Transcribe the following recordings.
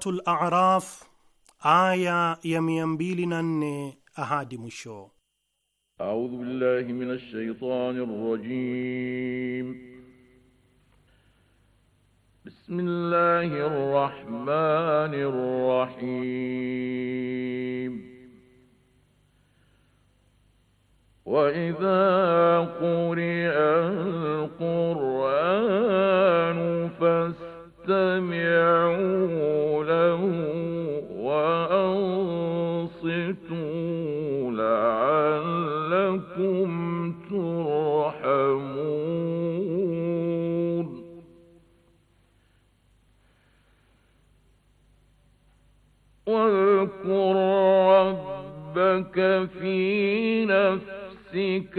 Suratul A'raf aya ya mia mbili na nne ahadi mwisho. A'udhu billahi minash shaitanir rajim. Bismillahir rahmanir لعلكم ترحمون واذكر ربك في نفسك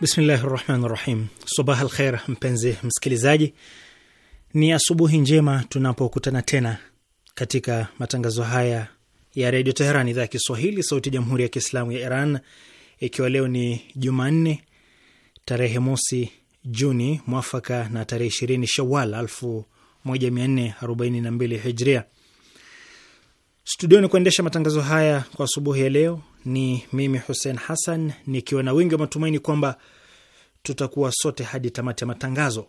Bismillahi rahmani rahim. Sabah al mpenzi msikilizaji, ni asubuhi njema tunapokutana tena katika matangazo haya ya redio Teheran, idhaa ya Kiswahili, sauti ya jamhuri ya kiislamu ya Iran, ikiwa leo ni Jumanne tarehe mosi Juni mwafaka na tarehe ishirini Shawal mbili Hijria. Studioni kuendesha matangazo haya kwa asubuhi ya leo ni mimi Hussein Hassan nikiwa na wingi wa matumaini kwamba tutakuwa sote hadi tamati ya matangazo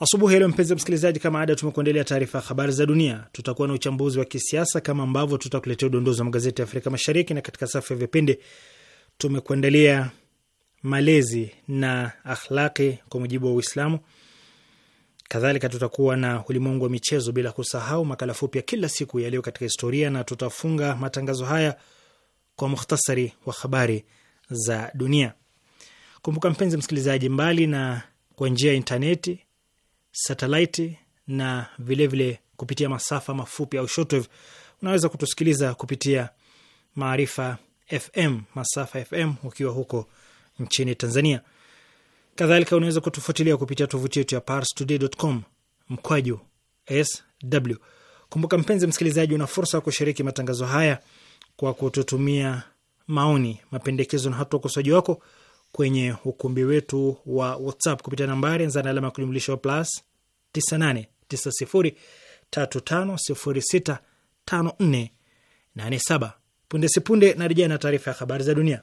asubuhi ya leo. Mpenzi msikilizaji, kama ada, tumekuandalia taarifa ya habari za dunia, tutakuwa na uchambuzi wa kisiasa kama ambavyo tutakuletea udondozi wa magazeti ya Afrika Mashariki, na katika safu ya vipindi tumekuandalia malezi na akhlaki kwa mujibu wa Uislamu, Kadhalika tutakuwa na ulimwengu wa michezo, bila kusahau makala fupi ya kila siku yaliyo katika historia, na tutafunga matangazo haya kwa muhtasari wa habari za dunia. Kumbuka mpenzi msikilizaji, mbali na kwa njia ya intaneti, satelaiti na vilevile vile kupitia masafa mafupi au shortwave, unaweza kutusikiliza kupitia Maarifa FM, masafa FM ukiwa huko nchini Tanzania. Kadhalika unaweza kutufuatilia kupitia tovuti yetu ya parstoday.com mkwaju sw. Kumbuka mpenzi msikilizaji, una fursa ya kushiriki matangazo haya kwa kututumia maoni, mapendekezo na hata ukosoaji wako kwenye ukumbi wetu wa WhatsApp kupitia nambari anza na alama ya kujumlisha wa plus 989035065487. Punde sipunde narejea na taarifa ya habari za dunia.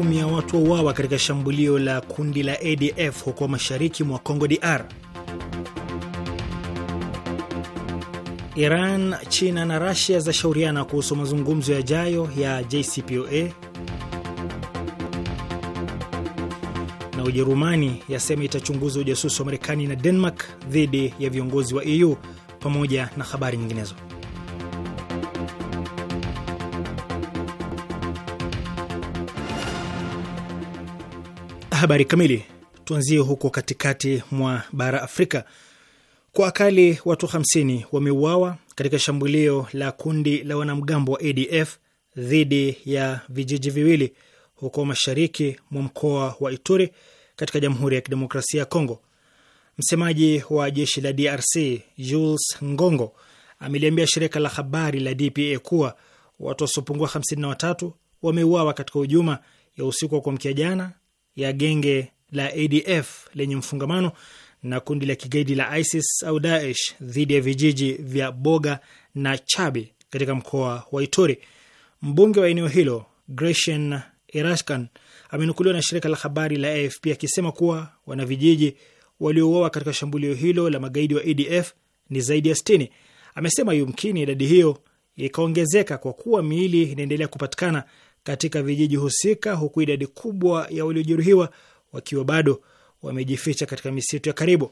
kumi ya watu wauawa katika shambulio la kundi la ADF huko mashariki mwa congo DR. Iran, China na Rasia zashauriana kuhusu mazungumzo yajayo ya JCPOA. Na Ujerumani yasema itachunguza ujasusi wa Marekani na Denmark dhidi ya viongozi wa EU pamoja na habari nyinginezo. habari kamili, tuanzie huko katikati mwa bara Afrika. Kwa akali watu 50 wameuawa katika shambulio la kundi la wanamgambo wa ADF dhidi ya vijiji viwili huko mashariki mwa mkoa wa Ituri katika Jamhuri ya Kidemokrasia ya Kongo. Msemaji wa jeshi la DRC Jules Ngongo ameliambia shirika la habari la DPA kuwa watu wasiopungua 53 wameuawa katika hujuma ya usiku wa kuamkia jana ya genge la ADF lenye mfungamano na kundi la kigaidi la ISIS au Daesh dhidi ya vijiji vya Boga na Chabi katika mkoa wa Ituri. Mbunge wa eneo hilo Gretchen Irashkan amenukuliwa na shirika la habari la AFP akisema kuwa wanavijiji waliouawa katika shambulio hilo la magaidi wa ADF ni zaidi ya 60. Amesema yumkini idadi hiyo ikaongezeka kwa kuwa miili inaendelea kupatikana katika vijiji husika, huku idadi kubwa ya waliojeruhiwa wakiwa bado wamejificha katika misitu ya karibu.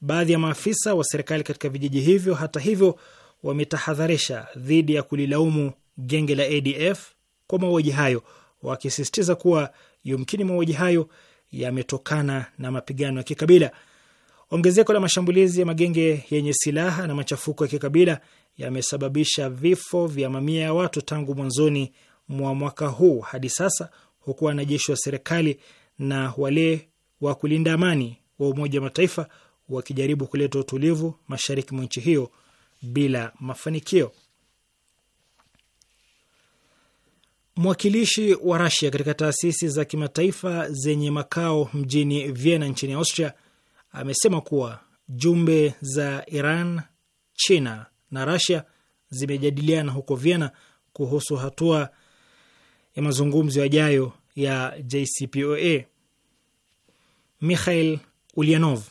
Baadhi ya maafisa wa serikali katika vijiji hivyo, hata hivyo, wametahadharisha dhidi ya kulilaumu genge la ADF kwa mauaji hayo, wakisisitiza kuwa yumkini mauaji hayo yametokana na mapigano ya kikabila. Ongezeko la mashambulizi ya magenge yenye silaha na machafuko ya kikabila yamesababisha vifo vya mamia ya watu tangu mwanzoni mwa mwaka huu hadi sasa, huku wanajeshi wa serikali na wale wa kulinda amani wa Umoja wa Mataifa wakijaribu kuleta utulivu mashariki mwa nchi hiyo bila mafanikio. Mwakilishi wa Rasia katika taasisi za kimataifa zenye makao mjini Vienna nchini Austria amesema kuwa jumbe za Iran, China na Rasia zimejadiliana huko Vienna kuhusu hatua ya mazungumzo yajayo ya JCPOA. Mikhail Ulyanov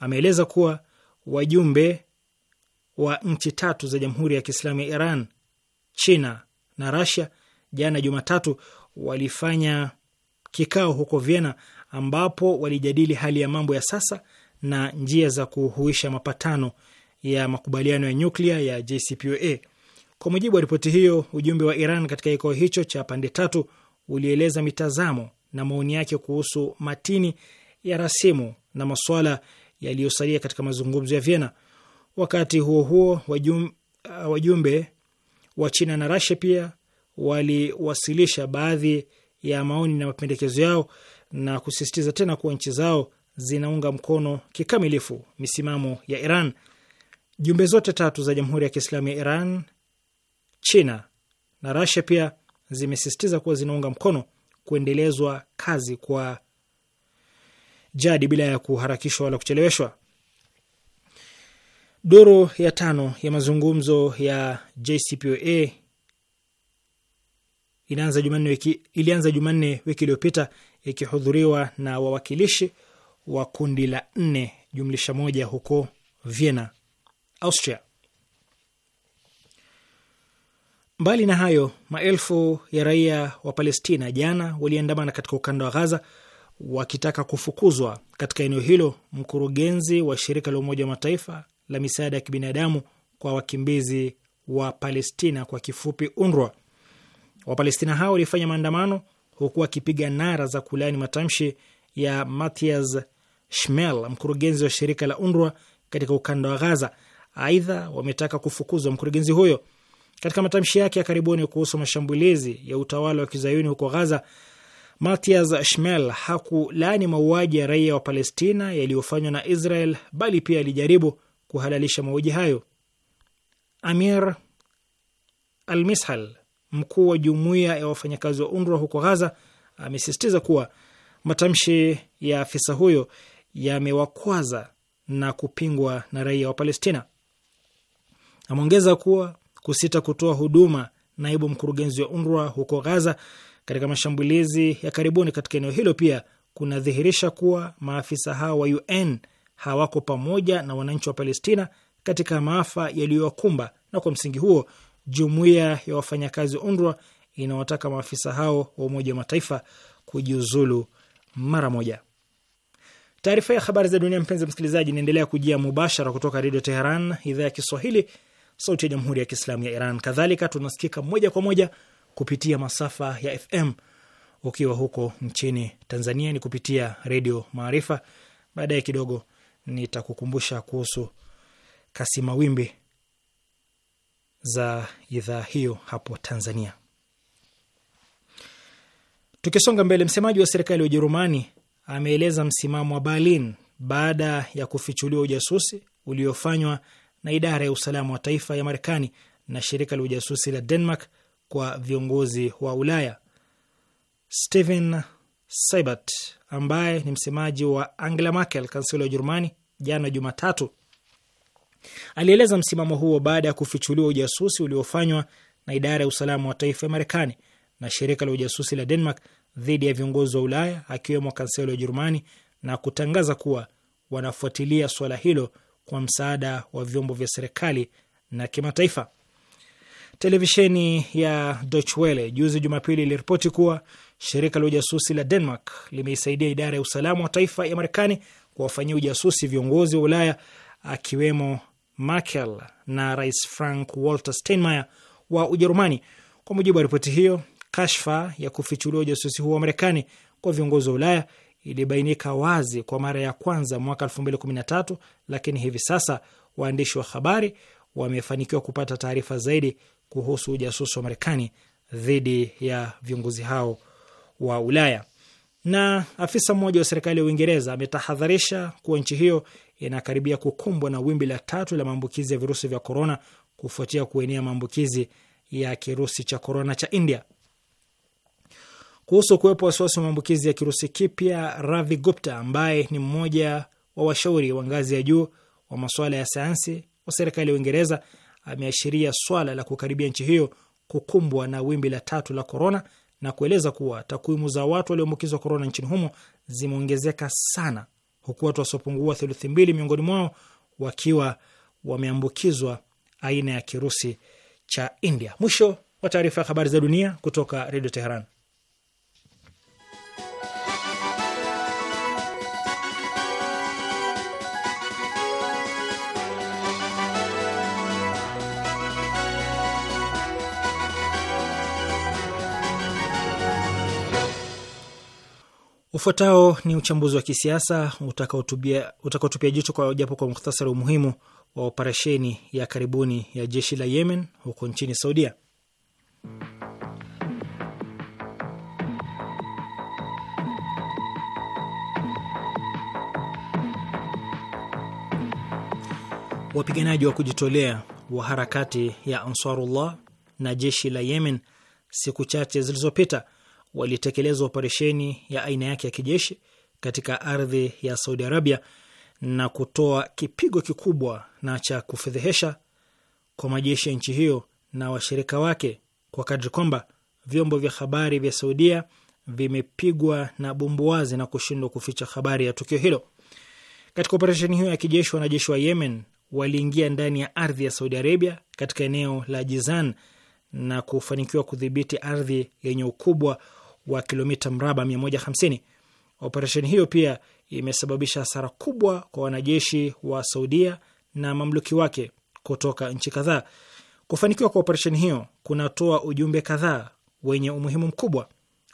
ameeleza kuwa wajumbe wa nchi tatu za Jamhuri ya Kiislamu ya Iran, China na Rasia jana Jumatatu walifanya kikao huko Vienna ambapo walijadili hali ya mambo ya sasa na njia za kuhuisha mapatano ya makubaliano ya nyuklia ya JCPOA. Kwa mujibu wa ripoti hiyo, ujumbe wa Iran katika kikao hicho cha pande tatu ulieleza mitazamo na maoni yake kuhusu matini ya rasimu na masuala yaliyosalia katika mazungumzo ya Vienna. Wakati huo huo, uh, wajumbe wa China na Rasia pia waliwasilisha baadhi ya maoni na mapendekezo yao na kusisitiza tena kuwa nchi zao zinaunga mkono kikamilifu misimamo ya Iran. Jumbe zote tatu za Jamhuri ya Kiislamu ya Iran China na Rasia pia zimesisitiza kuwa zinaunga mkono kuendelezwa kazi kwa jadi bila ya kuharakishwa wala kucheleweshwa. Duru ya tano ya mazungumzo ya JCPOA ilianza Jumanne wiki ilianza Jumanne wiki iliyopita ikihudhuriwa na wawakilishi wa kundi la nne jumlisha moja huko Vienna, Austria. Mbali na hayo, maelfu ya raia wa Palestina jana waliandamana katika ukanda wa Ghaza wakitaka kufukuzwa katika eneo hilo mkurugenzi wa shirika la Umoja wa Mataifa la misaada ya kibinadamu kwa wakimbizi wa Palestina, kwa kifupi UNRWA. Wapalestina hao walifanya maandamano huku wakipiga nara za kulaani matamshi ya Mathias Shmel, mkurugenzi wa shirika la UNRWA katika ukanda wa Ghaza. Aidha, wametaka kufukuzwa mkurugenzi huyo. Katika matamshi yake ya karibuni kuhusu mashambulizi ya utawala wa kizayuni huko Ghaza, Mathias Shmel hakulaani mauaji ya raia wa Palestina yaliyofanywa na Israel, bali pia alijaribu kuhalalisha mauaji hayo. Amir Al-Mishal, mkuu wa jumuiya ya wafanyakazi wa UNRWA huko Ghaza, amesisitiza kuwa matamshi ya afisa huyo yamewakwaza na kupingwa na raia wa Palestina. Ameongeza kuwa kusita kutoa huduma naibu mkurugenzi wa UNRWA huko Gaza katika mashambulizi ya karibuni katika eneo hilo pia kunadhihirisha kuwa maafisa hao wa UN hawako pamoja na wananchi wa Palestina katika maafa yaliyowakumba, na kwa msingi huo jumuiya ya wafanyakazi UNRWA inawataka maafisa hao wa Umoja wa Mataifa kujiuzulu mara moja. Taarifa ya habari za dunia, mpenzi msikilizaji, inaendelea kujia mubashara kutoka Redio Teheran, idhaa ya Kiswahili, sauti ya jamhuri ya kiislamu ya Iran. Kadhalika tunasikika moja kwa moja kupitia masafa ya FM. Ukiwa huko nchini Tanzania ni kupitia Redio Maarifa. Baadaye kidogo nitakukumbusha kuhusu kasi mawimbi za idhaa hiyo hapo Tanzania. Tukisonga mbele, msemaji wa serikali ya Ujerumani ameeleza msimamo wa Berlin baada ya kufichuliwa ujasusi uliofanywa na idara ya usalama wa taifa ya Marekani na shirika la ujasusi la Denmark kwa viongozi wa Ulaya. Steven Seibert ambaye ni msemaji wa Angela Merkel, kansela wa Ujerumani, jana Jumatatu alieleza msimamo huo baada ya kufichuliwa ujasusi uliofanywa na idara ya usalama wa taifa ya Marekani na shirika la ujasusi la Denmark dhidi ya viongozi wa Ulaya akiwemo kansela wa Ujerumani na kutangaza kuwa wanafuatilia suala hilo kwa msaada wa vyombo vya serikali na kimataifa. Televisheni ya Deutsche Welle juzi Jumapili iliripoti kuwa shirika la ujasusi la Denmark limeisaidia idara ya usalama wa taifa ya Marekani kuwafanyia ujasusi viongozi wa Ulaya akiwemo Merkel na Rais Frank Walter Steinmeier wa Ujerumani. Kwa mujibu wa ripoti hiyo, kashfa ya kufichuliwa ujasusi huo wa Marekani kwa viongozi wa Ulaya ilibainika wazi kwa mara ya kwanza mwaka 2013, lakini hivi sasa waandishi wa habari wamefanikiwa kupata taarifa zaidi kuhusu ujasusi wa Marekani dhidi ya viongozi hao wa Ulaya. Na afisa mmoja wa serikali ya Uingereza ametahadharisha kuwa nchi hiyo inakaribia kukumbwa na wimbi la tatu la maambukizi ya virusi vya korona kufuatia kuenea maambukizi ya kirusi cha korona cha India kuhusu kuwepo wasiwasi wa maambukizi ya kirusi kipya, Ravi Gupta ambaye ni mmoja wa washauri wa ngazi ya juu wa masuala ya sayansi wa serikali ya Uingereza ameashiria swala la kukaribia nchi hiyo kukumbwa na wimbi la tatu la korona na kueleza kuwa takwimu za watu walioambukizwa korona nchini humo zimeongezeka sana, huku watu wasiopungua theluthi mbili miongoni mwao wakiwa wameambukizwa aina ya kirusi cha India. Mwisho wa taarifa ya habari za dunia kutoka Redio Teheran. Ufuatao ni uchambuzi wa kisiasa utakaotupia jicho kwa japo kwa muhtasari umuhimu wa operesheni ya karibuni ya jeshi la Yemen huko nchini Saudia. Wapiganaji wa kujitolea wa harakati ya Ansarullah na jeshi la Yemen siku chache zilizopita walitekeleza operesheni ya aina yake ya kijeshi katika ardhi ya Saudi Arabia na kutoa kipigo kikubwa na cha kufedhehesha kwa majeshi ya nchi hiyo na washirika wake kwa kadri kwamba vyombo vya habari vya Saudia vimepigwa na bumbuazi na kushindwa kuficha habari ya tukio hilo. Katika operesheni hiyo ya kijeshi, wanajeshi wa Yemen waliingia ndani ya ardhi ya Saudi Arabia katika eneo la Jizan na kufanikiwa kudhibiti ardhi yenye ukubwa wa kilomita mraba 150. Operesheni hiyo pia imesababisha hasara kubwa kwa wanajeshi wa Saudia na mamluki wake kutoka nchi kadhaa. Kufanikiwa kwa operesheni hiyo kunatoa ujumbe kadhaa wenye umuhimu mkubwa.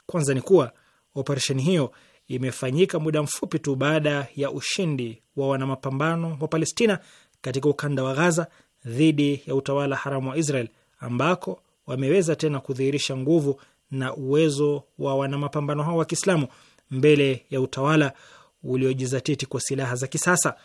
Kwanza ni kuwa operesheni hiyo imefanyika muda mfupi tu baada ya ushindi wa wanamapambano wa Palestina katika ukanda wa Gaza dhidi ya utawala haramu wa Israel ambako wameweza tena kudhihirisha nguvu na uwezo wa wanamapambano hao wa Kiislamu mbele ya utawala uliojizatiti kwa silaha za kisasa.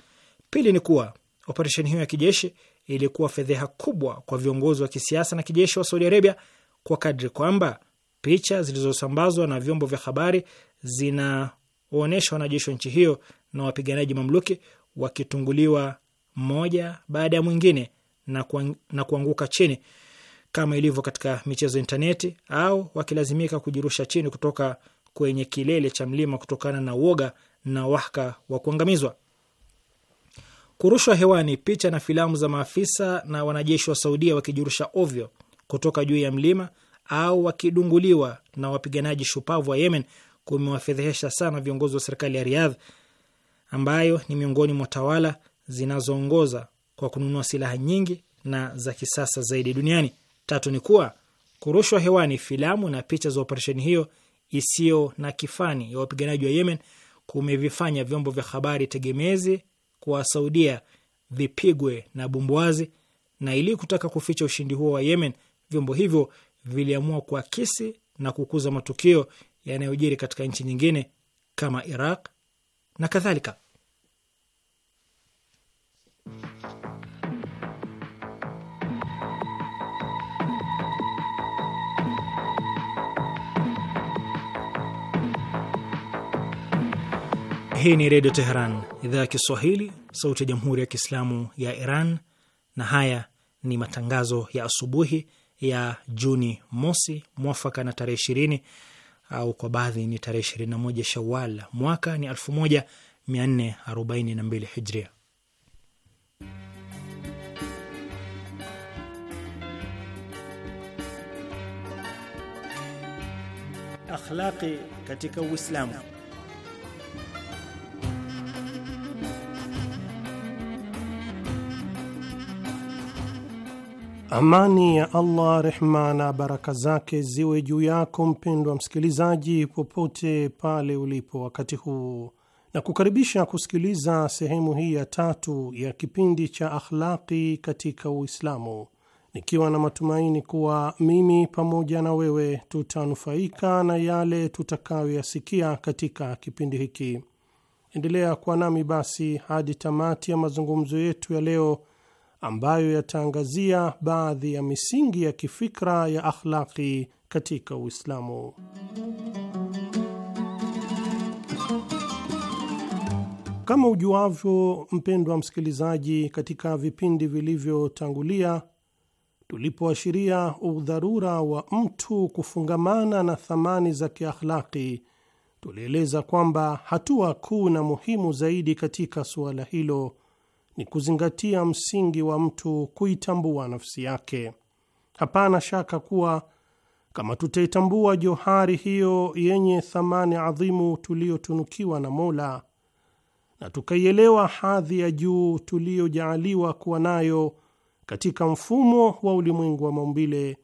Pili ni kuwa operesheni hiyo ya kijeshi ilikuwa fedheha kubwa kwa viongozi wa kisiasa na kijeshi wa Saudi Arabia kwa kadri kwamba picha zilizosambazwa na vyombo vya habari zinaonyesha wanajeshi wa nchi hiyo na wapiganaji mamluki wakitunguliwa mmoja baada ya mwingine na kuanguka chini kama ilivyo katika michezo intaneti, au wakilazimika kujirusha chini kutoka kwenye kilele cha mlima kutokana na uoga na wahaka wa kuangamizwa. Kurushwa hewani picha na filamu za maafisa na wanajeshi wa Saudia wakijirusha ovyo kutoka juu ya mlima au wakidunguliwa na wapiganaji shupavu wa Yemen kumewafedhehesha sana viongozi wa serikali ya Riyadh ambayo ni miongoni mwa tawala zinazoongoza kwa kununua silaha nyingi na za kisasa zaidi duniani. Tatu ni kuwa kurushwa hewani filamu na picha za operesheni hiyo isiyo na kifani ya wapiganaji wa Yemen kumevifanya vyombo vya habari tegemezi kuwasaudia vipigwe na bumbuazi, na ili kutaka kuficha ushindi huo wa Yemen, vyombo hivyo viliamua kuakisi na kukuza matukio yanayojiri katika nchi nyingine kama Iraq na kadhalika. Hii ni Redio Teheran, idhaa ya Kiswahili, sauti ya Jamhuri ya Kiislamu ya Iran, na haya ni matangazo ya asubuhi ya Juni mosi mwafaka na tarehe ishirini au kwa baadhi ni tarehe ishirini na moja Shawal mwaka ni elfu moja mia nne arobaini na mbili Hijria. Akhlaqi katika Uislamu. Amani ya Allah, rehma na baraka zake ziwe juu yako mpendwa msikilizaji, popote pale ulipo wakati huu, na kukaribisha kusikiliza sehemu hii ya tatu ya kipindi cha Akhlaqi katika Uislamu, nikiwa na matumaini kuwa mimi pamoja na wewe tutanufaika na yale tutakayoyasikia katika kipindi hiki. Endelea kuwa nami basi hadi tamati ya mazungumzo yetu ya leo ambayo yataangazia baadhi ya misingi ya kifikra ya akhlaki katika Uislamu. Kama ujuavyo, mpendwa msikilizaji, katika vipindi vilivyotangulia tulipoashiria udharura wa mtu kufungamana na thamani za kiakhlaki, tulieleza kwamba hatua kuu na muhimu zaidi katika suala hilo ni kuzingatia msingi wa mtu kuitambua nafsi yake. Hapana shaka kuwa kama tutaitambua johari hiyo yenye thamani adhimu tuliyotunukiwa na Mola na tukaielewa hadhi ya juu tuliyojaaliwa kuwa nayo katika mfumo wa ulimwengu wa maumbile,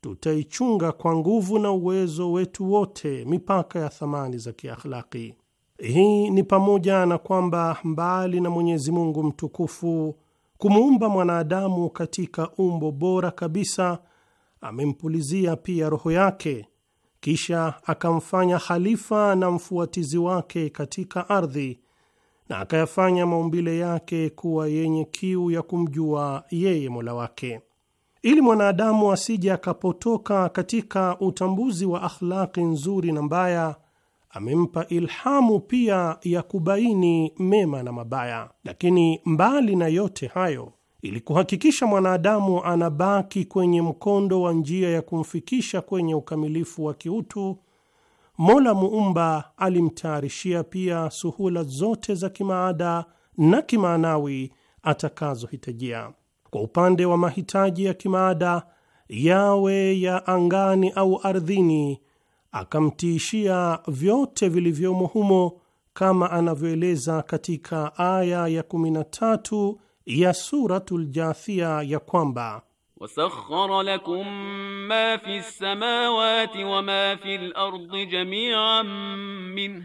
tutaichunga kwa nguvu na uwezo wetu wote mipaka ya thamani za kiakhlaki. Hii ni pamoja na kwamba mbali na Mwenyezi Mungu mtukufu kumuumba mwanadamu katika umbo bora kabisa, amempulizia pia roho yake, kisha akamfanya khalifa na mfuatizi wake katika ardhi na akayafanya maumbile yake kuwa yenye kiu ya kumjua yeye Mola wake, ili mwanadamu asije akapotoka katika utambuzi wa akhlaki nzuri na mbaya amempa ilhamu pia ya kubaini mema na mabaya. Lakini mbali na yote hayo, ili kuhakikisha mwanadamu anabaki kwenye mkondo wa njia ya kumfikisha kwenye ukamilifu wa kiutu, Mola Muumba alimtayarishia pia suhula zote za kimaada na kimaanawi atakazohitajia. Kwa upande wa mahitaji ya kimaada, yawe ya angani au ardhini akamtiishia vyote vilivyomo humo kama anavyoeleza katika aya ya 13 ya Suratul Jathia ya kwamba wasakhara lakum ma fi wa ma fi jami'an minhu,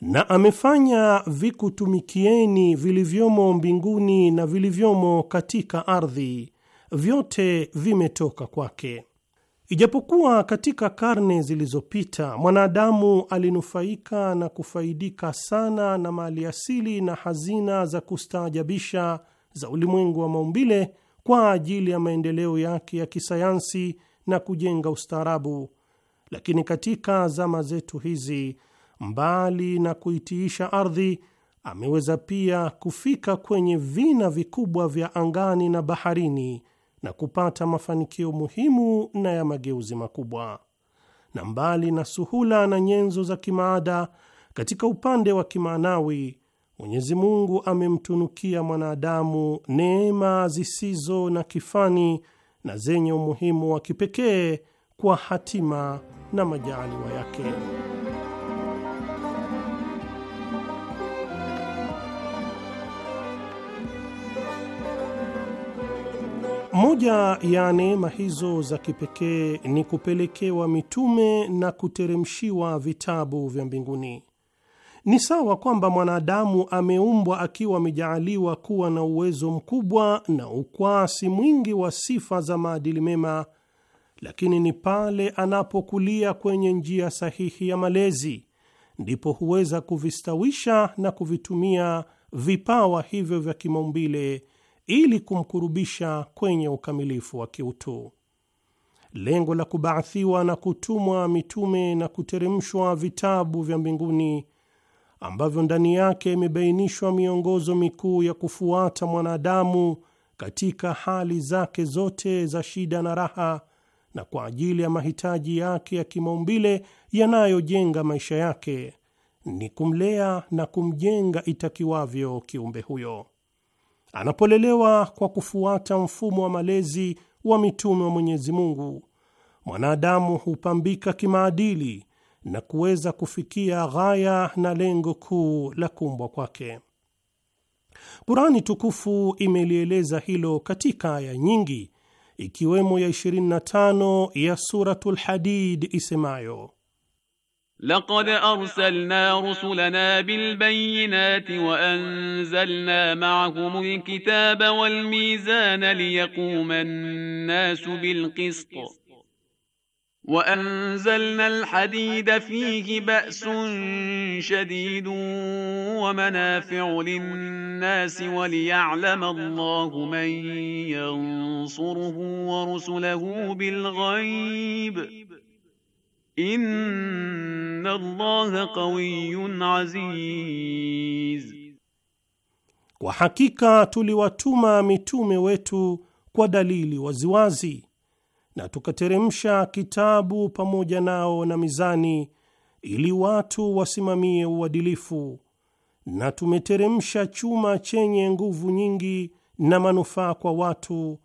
na amefanya vikutumikieni vilivyomo mbinguni na vilivyomo katika ardhi vyote vimetoka kwake. Ijapokuwa katika karne zilizopita mwanadamu alinufaika na kufaidika sana na mali asili na hazina za kustaajabisha za ulimwengu wa maumbile kwa ajili ya maendeleo yake ya kisayansi na kujenga ustaarabu, lakini katika zama zetu hizi, mbali na kuitiisha ardhi, ameweza pia kufika kwenye vina vikubwa vya angani na baharini na kupata mafanikio muhimu na ya mageuzi makubwa. Na mbali na suhula na nyenzo za kimaada, katika upande wa kimaanawi, Mwenyezi Mungu amemtunukia mwanadamu neema zisizo na kifani na zenye umuhimu wa kipekee kwa hatima na majaaliwa yake. Moja ya neema hizo za kipekee ni kupelekewa mitume na kuteremshiwa vitabu vya mbinguni. Ni sawa kwamba mwanadamu ameumbwa akiwa amejaaliwa kuwa na uwezo mkubwa na ukwasi mwingi wa sifa za maadili mema, lakini ni pale anapokulia kwenye njia sahihi ya malezi ndipo huweza kuvistawisha na kuvitumia vipawa hivyo vya kimaumbile ili kumkurubisha kwenye ukamilifu wa kiutu. Lengo la kubaathiwa na kutumwa mitume na kuteremshwa vitabu vya mbinguni ambavyo ndani yake imebainishwa miongozo mikuu ya kufuata mwanadamu katika hali zake zote za shida na raha, na kwa ajili ya mahitaji yake ya kimaumbile yanayojenga maisha yake, ni kumlea na kumjenga itakiwavyo kiumbe huyo anapolelewa kwa kufuata mfumo wa malezi wa mitume wa Mwenyezi Mungu, mwanadamu hupambika kimaadili na kuweza kufikia ghaya na lengo kuu la kumbwa kwake. Kurani tukufu imelieleza hilo katika aya nyingi, ikiwemo ya 25 ya Suratul Hadid isemayo لقد ارسلنا رسلنا بالبينات وانزلنا معهم الكتاب والميزان ليقوم الناس بالقسط وانزلنا الحديد فيه باس شديد ومنافع للناس وليعلم الله من ينصره ورسله بالغيب Inna Allaha qawiyyun aziz, kwa hakika tuliwatuma mitume wetu kwa dalili waziwazi na tukateremsha kitabu pamoja nao na mizani ili watu wasimamie uadilifu, na tumeteremsha chuma chenye nguvu nyingi na manufaa kwa watu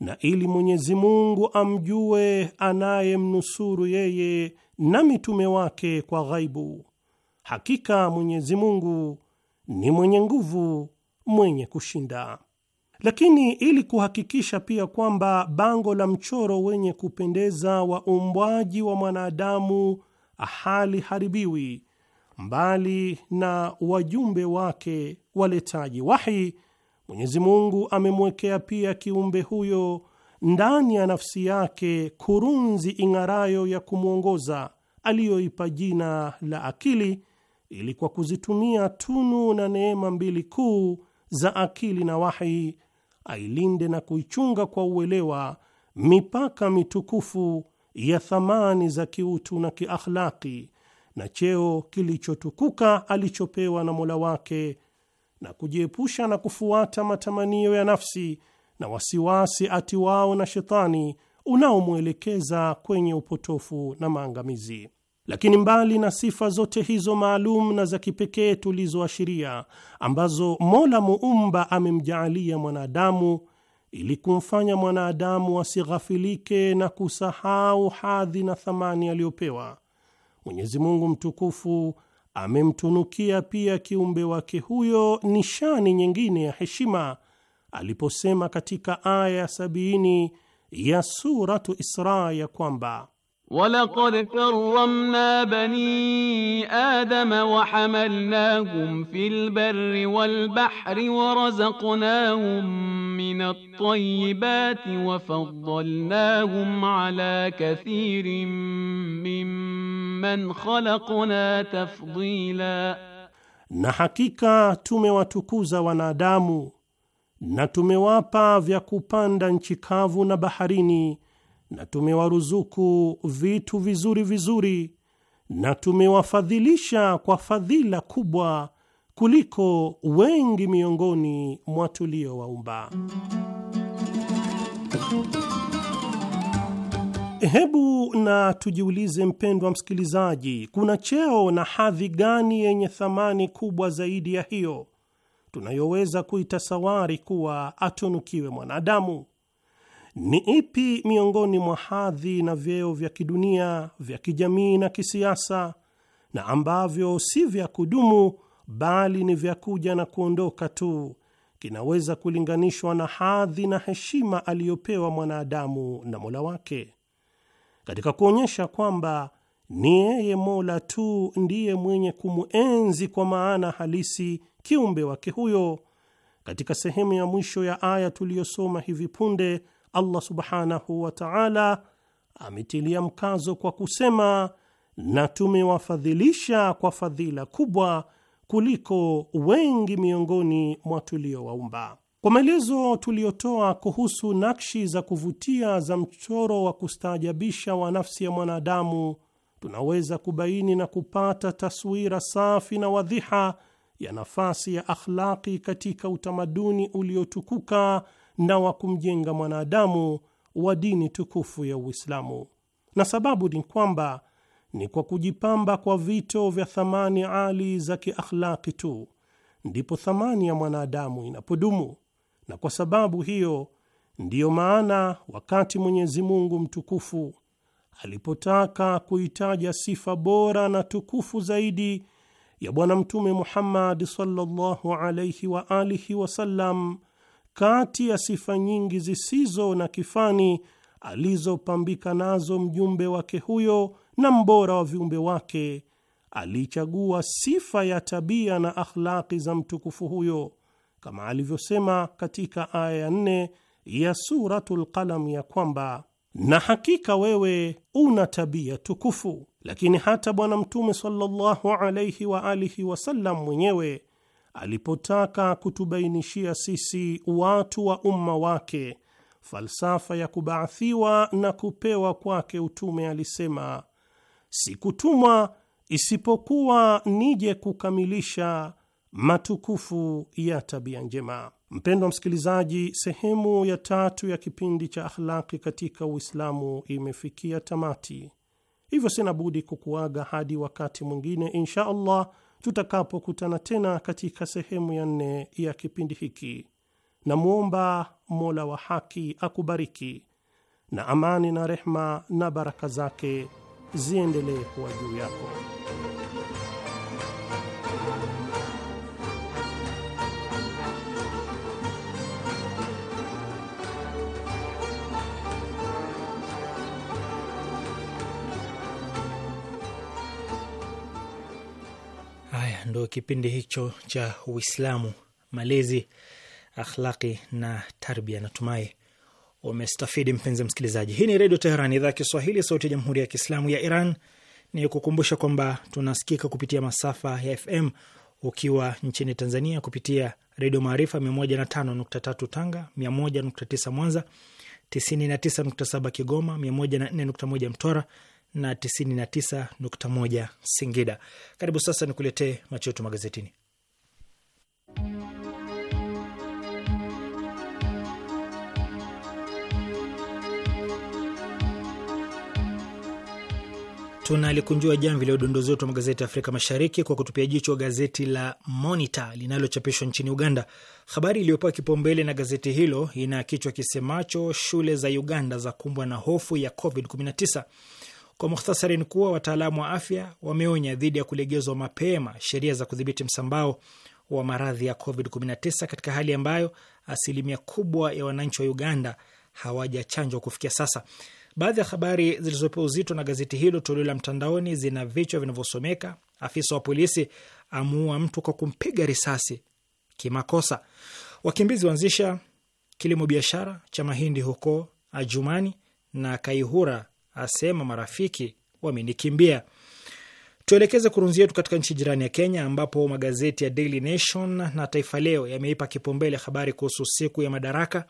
na ili Mwenyezi Mungu amjue anayemnusuru yeye na mitume wake kwa ghaibu. Hakika Mwenyezi Mungu ni mwenye nguvu, mwenye kushinda. Lakini ili kuhakikisha pia kwamba bango la mchoro wenye kupendeza wa umbwaji wa mwanadamu haribiwi mbali na wajumbe wake waletaji wahi Mwenyezi Mungu amemwekea pia kiumbe huyo ndani ya nafsi yake kurunzi ing'arayo ya kumwongoza aliyoipa jina la akili, ili kwa kuzitumia tunu na neema mbili kuu za akili na wahi ailinde na kuichunga kwa uelewa mipaka mitukufu ya thamani za kiutu na kiakhlaki na cheo kilichotukuka alichopewa na Mola wake na kujiepusha na kufuata matamanio ya nafsi na wasiwasi ati wao na shetani unaomwelekeza kwenye upotofu na maangamizi. Lakini mbali na sifa zote hizo maalum na za kipekee tulizoashiria, ambazo Mola Muumba amemjaalia mwanadamu ili kumfanya mwanadamu asighafilike na kusahau hadhi na thamani aliyopewa, Mwenyezi Mungu mtukufu amemtunukia pia kiumbe wake huyo nishani nyingine ya heshima aliposema katika aya ya sabini ya Suratu Isra ya kwamba Walaqad karramna bani Adama wa hamalnahum fil barri wal bahri wa razaqnahum minat tayyibati wa faddalnahum ala kathirin mimman khalaqna tafdila, na hakika tumewatukuza wanadamu na tumewapa vya kupanda nchi kavu na baharini na tumewaruzuku vitu vizuri vizuri na tumewafadhilisha kwa fadhila kubwa kuliko wengi miongoni mwa tuliowaumba. Hebu na tujiulize, mpendwa msikilizaji, kuna cheo na hadhi gani yenye thamani kubwa zaidi ya hiyo tunayoweza kuitasawari kuwa atunukiwe mwanadamu? ni ipi miongoni mwa hadhi na vyeo vya kidunia, vya kijamii na kisiasa, na ambavyo si vya kudumu bali ni vya kuja na kuondoka tu, kinaweza kulinganishwa na hadhi na heshima aliyopewa mwanadamu na Mola wake, katika kuonyesha kwamba ni yeye Mola tu ndiye mwenye kumuenzi kwa maana halisi kiumbe wake huyo. Katika sehemu ya mwisho ya aya tuliyosoma hivi punde Allah subhanahu wa ta'ala ametilia mkazo kwa kusema, na tumewafadhilisha kwa fadhila kubwa kuliko wengi miongoni mwa tuliowaumba. Kwa maelezo tuliyotoa kuhusu nakshi za kuvutia za mchoro wa kustaajabisha wa nafsi ya mwanadamu, tunaweza kubaini na kupata taswira safi na wadhiha ya nafasi ya akhlaqi katika utamaduni uliotukuka na wa kumjenga mwanadamu wa dini tukufu ya Uislamu, na sababu ni kwamba ni kwa kujipamba kwa vito vya thamani ali za kiakhlaki tu ndipo thamani ya mwanadamu inapodumu, na kwa sababu hiyo ndiyo maana wakati Mwenyezi Mungu mtukufu alipotaka kuitaja sifa bora na tukufu zaidi ya Bwana Mtume Muhammad sallallahu alaihi wa alihi wasallam kati ya sifa nyingi zisizo na kifani alizopambika nazo mjumbe wake huyo na mbora wa viumbe wake, alichagua sifa ya tabia na akhlaqi za mtukufu huyo, kama alivyosema katika aya ya nne ya Suratul Qalam ya kwamba na hakika wewe una tabia tukufu. Lakini hata Bwana Mtume sallallahu alaihi wa alihi wasallam mwenyewe alipotaka kutubainishia sisi watu wa umma wake falsafa ya kubaathiwa na kupewa kwake utume, alisema sikutumwa isipokuwa nije kukamilisha matukufu ya tabia njema. Mpendwa msikilizaji, sehemu ya tatu ya kipindi cha Akhlaqi katika Uislamu imefikia tamati, hivyo sina budi kukuaga hadi wakati mwingine insha Allah tutakapokutana tena katika sehemu ya nne ya kipindi hiki. Namwomba Mola wa haki akubariki, na amani na rehma na baraka zake ziendelee kuwa juu yako. ndo kipindi hicho cha Uislamu, malezi, akhlaqi na tarbia. Natumai umestafidi mpenzi msikilizaji. Hii ni Redio Teheran, idhaa ya Kiswahili, sauti ya Jamhuri ya Kiislamu ya Iran. Ni kukumbusha kwamba tunasikika kupitia masafa ya FM ukiwa nchini Tanzania kupitia Redio Maarifa 105.3 Tanga, 101.9 Mwanza, 99.7 Kigoma, 104.1 Mtwara na 99.1 Singida. Karibu sasa nikuletee macho yetu magazetini. Tunalikunjua jamvi la udondozi wetu wa magazeti ya Afrika Mashariki kwa kutupia jicho gazeti la Monitor linalochapishwa nchini Uganda. Habari iliyopewa kipaumbele na gazeti hilo ina kichwa kisemacho shule za Uganda za kumbwa na hofu ya COVID-19. Kwa muhtasari, ni kuwa wataalamu wa afya wameonya dhidi ya kulegezwa mapema sheria za kudhibiti msambao wa maradhi ya COVID-19 katika hali ambayo asilimia kubwa ya wananchi wa Uganda hawajachanjwa kufikia sasa. Baadhi ya habari zilizopewa uzito na gazeti hilo toleo la mtandaoni zina vichwa vinavyosomeka: afisa wa polisi amuua mtu kwa kumpiga risasi kimakosa, wakimbizi waanzisha kilimo biashara cha mahindi huko Ajumani, na Kaihura asema marafiki wamenikimbia. Tuelekeze kurunzi yetu katika nchi jirani ya Kenya, ambapo magazeti ya Daily Nation na Taifa Leo yameipa kipaumbele habari kuhusu siku ya madaraka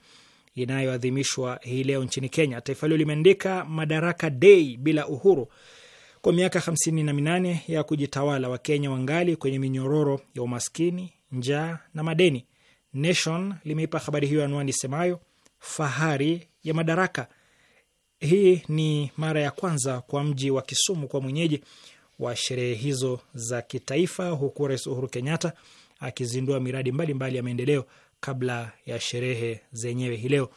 inayoadhimishwa hii leo nchini Kenya. Taifa Leo limeandika Madaraka Day bila Uhuru. Kwa miaka 58 ya kujitawala, Wakenya wangali kwenye minyororo ya umaskini, njaa na madeni. Nation limeipa habari hiyo anwani semayo fahari ya madaraka. Hii ni mara ya kwanza kwa mji wa Kisumu kwa mwenyeji wa sherehe hizo za kitaifa, huku Rais Uhuru Kenyatta akizindua miradi mbalimbali mbali ya maendeleo kabla ya sherehe zenyewe hii leo.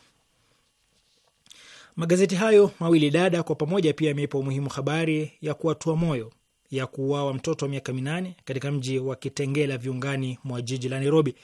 Magazeti hayo mawili dada kwa pamoja pia yameipa umuhimu habari ya kuwatua moyo ya kuuawa mtoto wa miaka minane katika mji wa Kitengela viungani mwa jiji la Nairobi.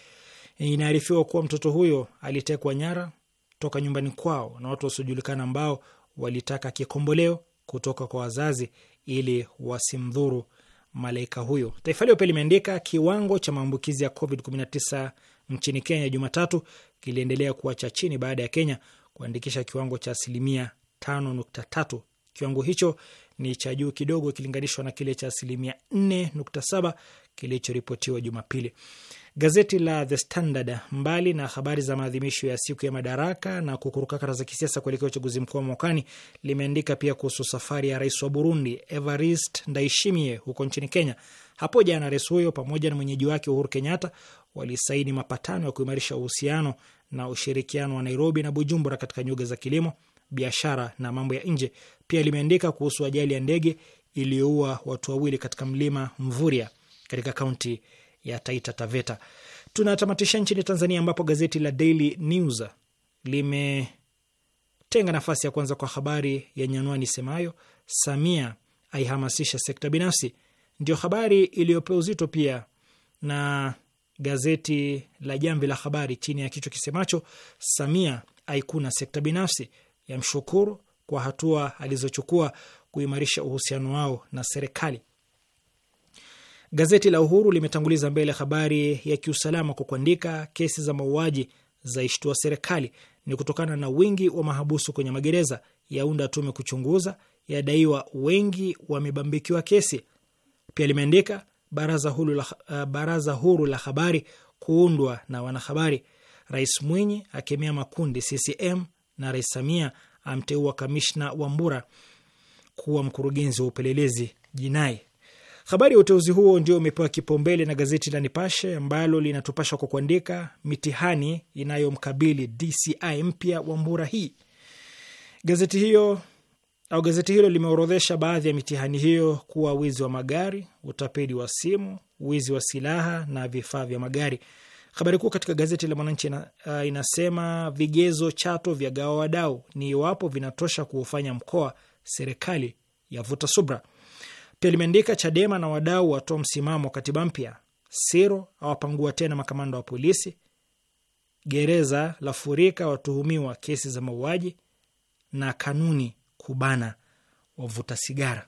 Inaarifiwa kuwa mtoto huyo alitekwa nyara toka nyumbani kwao na watu wasiojulikana ambao walitaka kikomboleo kutoka kwa wazazi ili wasimdhuru malaika huyo. Taifa Leo pia limeandika kiwango cha maambukizi ya COVID-19 nchini Kenya Jumatatu kiliendelea kuwa cha chini baada ya Kenya kuandikisha kiwango cha asilimia 5.3. Kiwango hicho ni cha juu kidogo ikilinganishwa na kile cha asilimia 4.7 kilichoripotiwa Jumapili. Gazeti la The Standard, mbali na habari za maadhimisho ya siku ya madaraka na kukurukakara za kisiasa kuelekea uchaguzi mkuu wa mwakani, limeandika pia kuhusu safari ya rais wa Burundi Evariste Ndayishimiye huko nchini Kenya. Hapo jana rais huyo pamoja na mwenyeji wake Uhuru Kenyatta walisaini mapatano ya kuimarisha uhusiano na ushirikiano wa Nairobi na Bujumbura katika nyuga za kilimo, biashara na mambo ya nje. Pia limeandika kuhusu ajali ya ndege iliyoua watu wawili katika mlima Mvuria katika kaunti ya Taita Taveta. Tunatamatisha nchini Tanzania, ambapo gazeti la Daily News limetenga nafasi ya kwanza kwa habari yenye anwani semayo Samia aihamasisha sekta binafsi. Ndio habari iliyopewa uzito pia na gazeti la Jamvi la Habari chini ya kichwa kisemacho Samia aikuna sekta binafsi, yamshukuru kwa hatua alizochukua kuimarisha uhusiano wao na serikali. Gazeti la Uhuru limetanguliza mbele habari ya kiusalama kwa kuandika kesi za mauaji za ishtua serikali ni kutokana na wingi wa mahabusu kwenye magereza, yaunda tume kuchunguza, yadaiwa wengi wamebambikiwa kesi. Pia limeandika baraza huru la, uh, baraza huru la habari kuundwa na wanahabari, Rais Mwinyi akemea makundi CCM na Rais Samia amteua kamishna wa mbura kuwa mkurugenzi wa upelelezi jinai. Habari ya uteuzi huo ndio imepewa kipaumbele na gazeti la Nipashe ambalo linatupasha kwa kuandika mitihani inayomkabili DCI mpya Mbura hii. Gazeti hiyo au gazeti hilo limeorodhesha baadhi ya mitihani hiyo kuwa wizi wa magari, utapeli wa simu, wizi wa silaha na vifaa vya magari. Habari kuu katika gazeti la Mwananchi uh, inasema vigezo Chato vya gawa wadau, ni iwapo vinatosha kuufanya mkoa, serikali yavuta subra. Pia limeandika Chadema na wadau watoa msimamo wa katiba mpya, Siro awapangua tena makamanda wa polisi, gereza la furika watuhumiwa kesi za mauaji, na kanuni kubana wavuta sigara.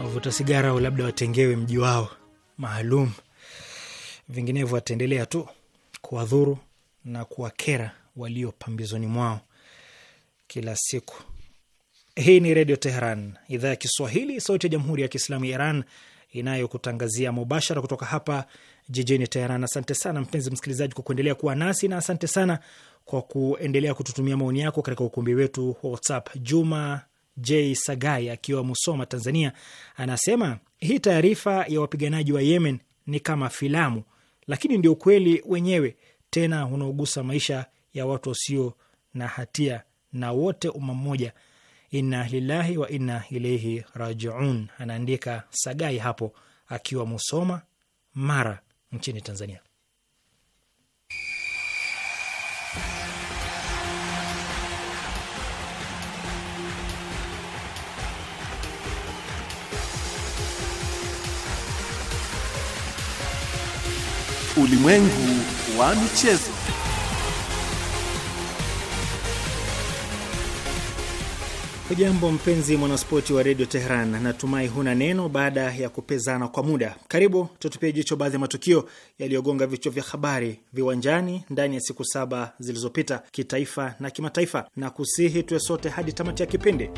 Wavuta sigara au labda watengewe mji wao maalum. Vinginevyo ataendelea tu kuwadhuru na kuwakera walio pambizoni mwao kila siku. Hii ni Redio Teheran, idhaa ya Kiswahili, sauti ya Jamhuri ya Kiislamu ya Iran inayokutangazia mubashara kutoka hapa jijini Teheran. Asante sana mpenzi msikilizaji kwa kuendelea kuwa nasi na asante sana kwa kuendelea kututumia maoni yako katika ukumbi wetu wa WhatsApp. Juma J Sagai akiwa Musoma, Tanzania, anasema hii taarifa ya wapiganaji wa Yemen ni kama filamu, lakini ndio ukweli wenyewe, tena unaogusa maisha ya watu wasio na hatia na wote umma mmoja. Inna lillahi wa inna ilaihi rajiun, anaandika Sagai hapo akiwa Musoma, Mara, nchini Tanzania. Ulimwengu wa michezo. ujambo mpenzi mwanaspoti wa redio Teheran, natumai huna neno baada ya kupezana kwa muda. Karibu tutupie jicho baadhi ya matukio yaliyogonga vichwa vya habari viwanjani ndani ya siku saba zilizopita, kitaifa na kimataifa, na kusihi tuwe sote hadi tamati ya kipindi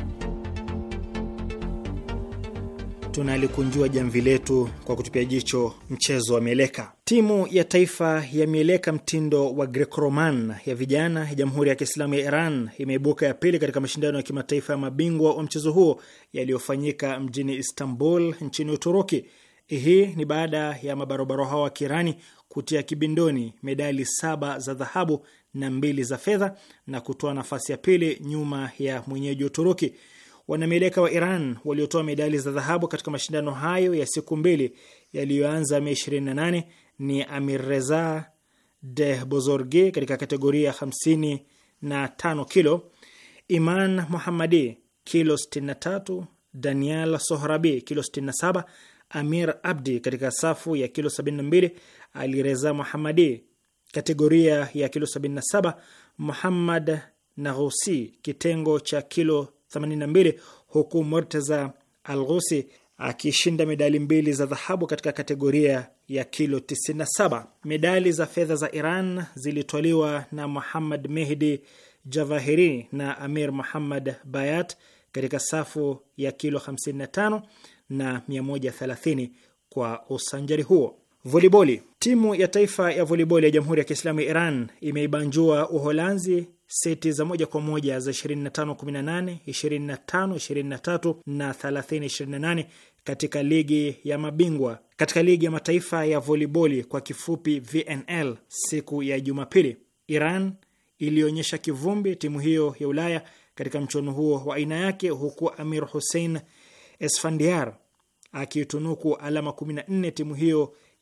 tunalikunjua jamvi letu kwa kutupia jicho mchezo wa mieleka. Timu ya taifa ya mieleka mtindo wa Greco-Roman ya vijana ya Jamhuri ya Kiislamu ya Iran imeibuka ya pili katika mashindano ya kimataifa ya mabingwa wa mchezo huo yaliyofanyika mjini Istanbul nchini Uturuki. Hii ni baada ya mabarobaro hao wa Kirani kutia kibindoni medali saba za dhahabu na mbili za fedha na kutoa nafasi ya pili nyuma ya mwenyeji Uturuki. Wanamieleka wa Iran waliotoa medali za dhahabu katika mashindano hayo ya siku mbili yaliyoanza Mei 28 ni Amir Reza Bozorge katika kategoria 55 kilo, Iman Mohammadi kilo 63, Daniel Sohrabi kilo 67, Amir Abdi katika safu ya kilo 72, Alireza muhammadi kategoria ya kilo 77, Muhammad nahusi kitengo cha kilo 82 huku al Alghusi akishinda medali mbili za dhahabu katika kategoria ya kilo 97. Medali za fedha za Iran zilitwaliwa na Muhammad Mehdi Javahiri na Amir Muhammad Bayat katika safu ya kilo 55 na 130 kwa usanjari huo. Voliboli. Timu ya taifa ya voliboli ya Jamhuri ya Kiislamu ya Iran imeibanjua Uholanzi seti za moja kwa moja za 25 18, 25 23 na 30 28 katika ligi ya mabingwa katika ligi ya mataifa ya voliboli kwa kifupi VNL siku ya Jumapili. Iran ilionyesha kivumbi timu hiyo ya Ulaya katika mchuano huo wa aina yake, huku Amir Hussein Esfandiar akiitunuku alama 14 timu hiyo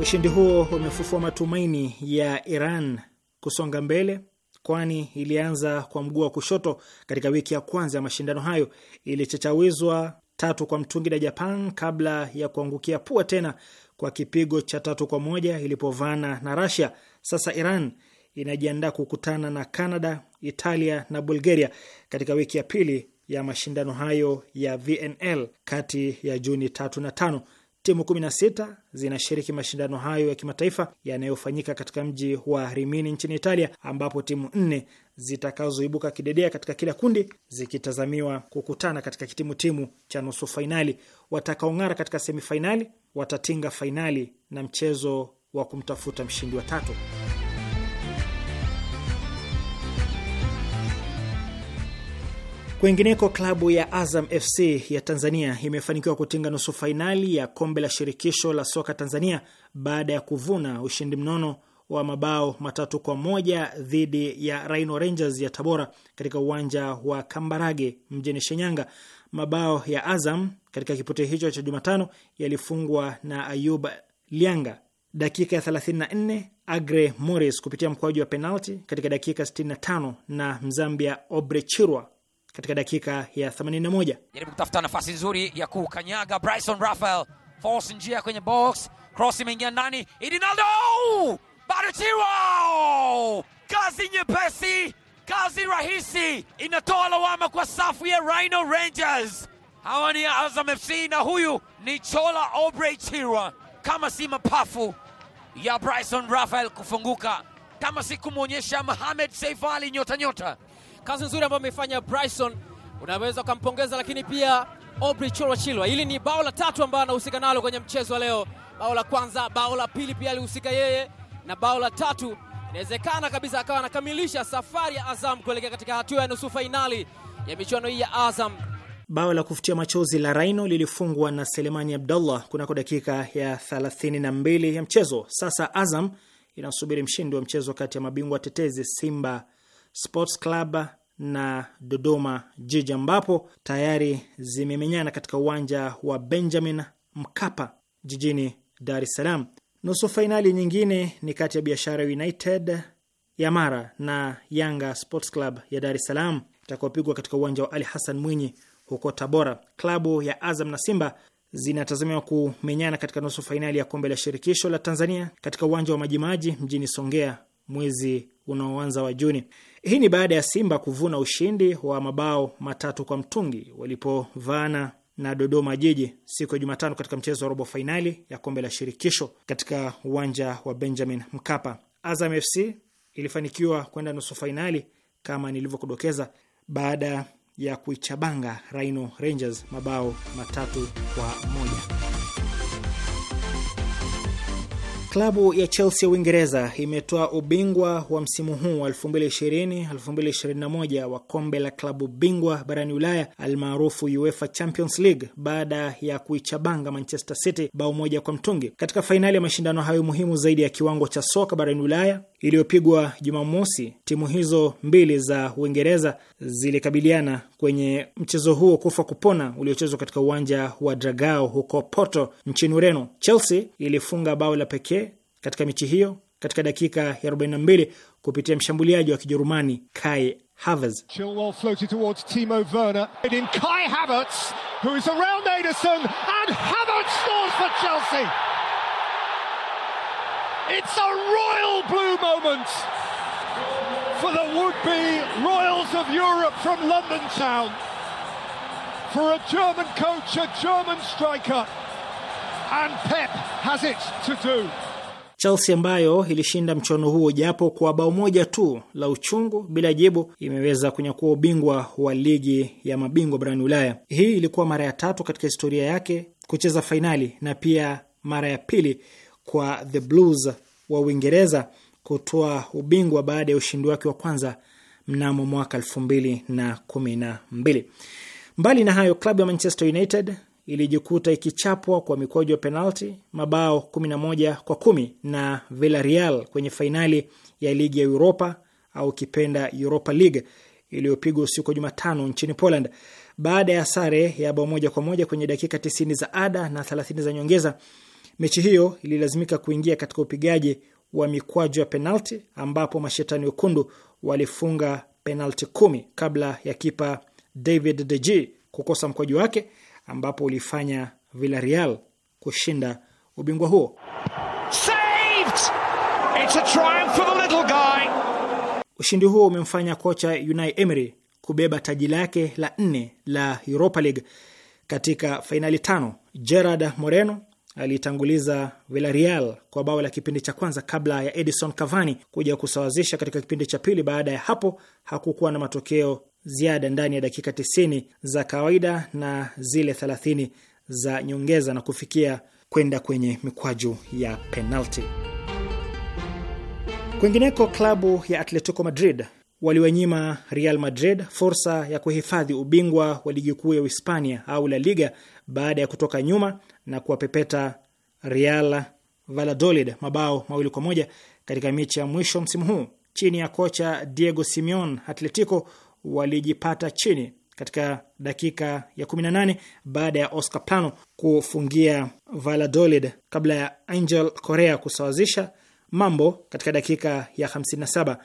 Ushindi huo umefufua matumaini ya Iran kusonga mbele, kwani ilianza kwa mguu wa kushoto katika wiki ya kwanza ya mashindano hayo. Ilichachawizwa tatu kwa mtungi na Japan kabla ya kuangukia pua tena kwa kipigo cha tatu kwa moja ilipovana na rasia Sasa Iran inajiandaa kukutana na Canada, Italia na Bulgaria katika wiki ya pili ya mashindano hayo ya VNL kati ya Juni tatu na tano. Timu 16 zinashiriki mashindano hayo ya kimataifa yanayofanyika katika mji wa Rimini nchini Italia, ambapo timu nne zitakazoibuka kidedea katika kila kundi zikitazamiwa kukutana katika kitimutimu cha nusu fainali. Watakaong'ara katika semifainali watatinga fainali na mchezo wa kumtafuta mshindi wa tatu. Kwingineko, klabu ya Azam FC ya Tanzania imefanikiwa kutinga nusu fainali ya kombe la shirikisho la soka Tanzania baada ya kuvuna ushindi mnono wa mabao matatu kwa moja dhidi ya Rhino Rangers ya Tabora katika uwanja wa Kambarage mjini Shinyanga. Mabao ya Azam katika kipute hicho cha Jumatano yalifungwa na Ayub Lianga dakika ya 34, Agre Morris kupitia mkwaju wa penalti katika dakika 65 na Mzambia Obrechirwa katika dakika ya 81. Jaribu kutafuta nafasi nzuri ya kukanyaga Bryson Rafael. Force njia kwenye box, cross imeingia ndani. Idinaldo! Barretiro! Kazi nyepesi, kazi rahisi inatoa lawama kwa safu ya Rhino Rangers. Hawa ni Azam FC na huyu ni Chola Obrey Chirwa. Kama si mapafu ya Bryson Rafael kufunguka, kama si kumwonyesha Mohamed Seif Ali nyota nyota kazi nzuri ambayo amefanya Bryson, unaweza ukampongeza, lakini pia Aubrey Chilwa. Hili ni bao la tatu ambayo anahusika nalo kwenye mchezo wa leo. Bao la kwanza, bao la pili pia alihusika yeye, na bao la tatu inawezekana kabisa akawa anakamilisha safari ya Azam kuelekea katika hatua ya nusu fainali ya michuano hii ya Azam. Bao la kufutia machozi la Rhino lilifungwa na Selemani Abdallah kunako dakika ya 32 ya mchezo. Sasa Azam inasubiri mshindi wa mchezo kati ya mabingwa tetezi Simba Sports Club na Dodoma Jiji, ambapo tayari zimemenyana katika uwanja wa Benjamin Mkapa jijini Dar es Salaam. Nusu fainali nyingine ni kati ya Biashara United ya Mara na Yanga Sports Club ya Dar es Salaam itakaopigwa katika uwanja wa Ali Hassan Mwinyi huko Tabora. Klabu ya Azam na Simba zinatazamiwa kumenyana katika nusu fainali ya Kombe la Shirikisho la Tanzania katika uwanja wa Majimaji mjini Songea mwezi unaoanza wa Juni. Hii ni baada ya Simba kuvuna ushindi wa mabao matatu kwa mtungi walipovana na Dodoma Jiji siku ya Jumatano katika mchezo wa robo fainali ya kombe la shirikisho katika uwanja wa Benjamin Mkapa. Azam FC ilifanikiwa kwenda nusu fainali kama nilivyokudokeza, baada ya kuichabanga Rhino Rangers mabao matatu kwa moja. Klabu ya Chelsea ya Uingereza imetoa ubingwa wa msimu huu wa 2020-2021 wa kombe la klabu bingwa barani Ulaya almaarufu UEFA Champions League baada ya kuichabanga Manchester City bao moja kwa mtungi katika fainali ya mashindano hayo muhimu zaidi ya kiwango cha soka barani Ulaya iliyopigwa Jumamosi, timu hizo mbili za Uingereza zilikabiliana kwenye mchezo huo kufa kupona uliochezwa katika uwanja wa Dragao huko Porto nchini Ureno. Chelsea ilifunga bao la pekee katika mechi hiyo katika dakika ya 42 kupitia mshambuliaji wa Kijerumani Kai Havertz. It's a royal blue moment for the would-be Royals of Europe from London town. For a German coach, a German striker, and Pep has it to do. Chelsea ambayo ilishinda mchuano huo japo kwa bao moja tu la uchungu bila jibu, imeweza kunyakua ubingwa wa ligi ya mabingwa barani Ulaya. Hii ilikuwa mara ya tatu katika historia yake kucheza fainali na pia mara ya pili kwa the Blues wa Uingereza kutoa ubingwa baada ya ushindi wake wa kwanza mnamo mwaka elfu mbili na kumi na mbili. Mbali na hayo, klabu ya Manchester United ilijikuta ikichapwa kwa mikwaju ya penalti mabao 11 kwa kumi na Villarreal kwenye fainali ya ligi ya Europa au kipenda Europa League iliyopigwa usiku wa Jumatano nchini Poland. Baada ya sare ya bao moja kwa moja kwenye dakika 90 za ada na 30 za nyongeza, Mechi hiyo ililazimika kuingia katika upigaji wa mikwaju ya penalti ambapo mashetani wekundu walifunga penalti kumi kabla ya kipa David de Gea kukosa mkwaju wake ambapo ulifanya Villarreal kushinda ubingwa huo. Saved! It's a triumph for the little guy. Ushindi huo umemfanya kocha Unai Emery kubeba taji lake la nne la Europa League katika fainali tano. Gerard Moreno aliitanguliza Villarreal kwa bao la kipindi cha kwanza kabla ya Edison Cavani kuja kusawazisha katika kipindi cha pili. Baada ya hapo hakukuwa na matokeo ziada ndani ya dakika 90 za kawaida na zile 30 za nyongeza na kufikia kwenda kwenye mikwaju ya penalti. Kwingineko, klabu ya Atletico Madrid waliwanyima Real Madrid fursa ya kuhifadhi ubingwa wa ligi kuu ya Uhispania au La Liga baada ya kutoka nyuma na kuwapepeta Real Valladolid mabao mawili kwa moja katika mechi ya mwisho msimu huu. Chini ya kocha Diego Simeone, Atletico walijipata chini katika dakika ya 18 baada ya Oscar Plano kufungia Valladolid kabla ya Angel Correa kusawazisha mambo katika dakika ya 57.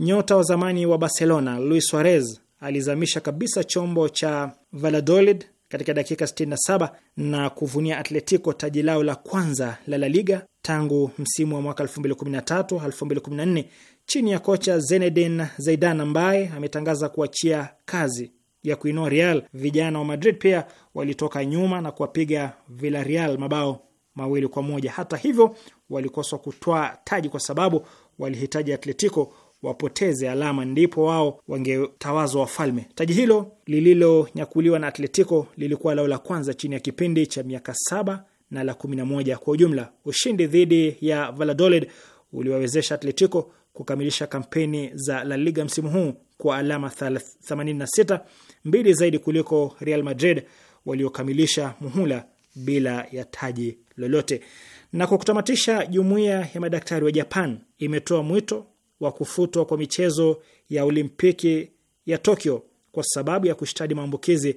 Nyota wa zamani wa Barcelona Luis Suarez alizamisha kabisa chombo cha Valladolid katika dakika 67 na kuvunia Atletico taji lao la kwanza la La Liga tangu msimu wa mwaka 2013 2014 chini ya kocha Zinedine Zidane ambaye ametangaza kuachia kazi ya kuinua Real. Vijana wa Madrid pia walitoka nyuma na kuwapiga Villarreal mabao mawili kwa moja. Hata hivyo, walikoswa kutwaa taji kwa sababu walihitaji Atletico wapoteze alama, ndipo wao wangetawazwa wafalme. Taji hilo lililonyakuliwa na Atletico lilikuwa lao la kwanza chini ya kipindi cha miaka saba na la 11 kwa ujumla. Ushindi dhidi ya Valladolid uliwawezesha Atletico kukamilisha kampeni za La Liga msimu huu kwa alama 86, mbili zaidi kuliko Real Madrid waliokamilisha muhula bila ya taji lolote. Na kwa kutamatisha, jumuiya ya madaktari wa Japan imetoa mwito wa kufutwa kwa michezo ya Olimpiki ya Tokyo kwa sababu ya kushtadi maambukizi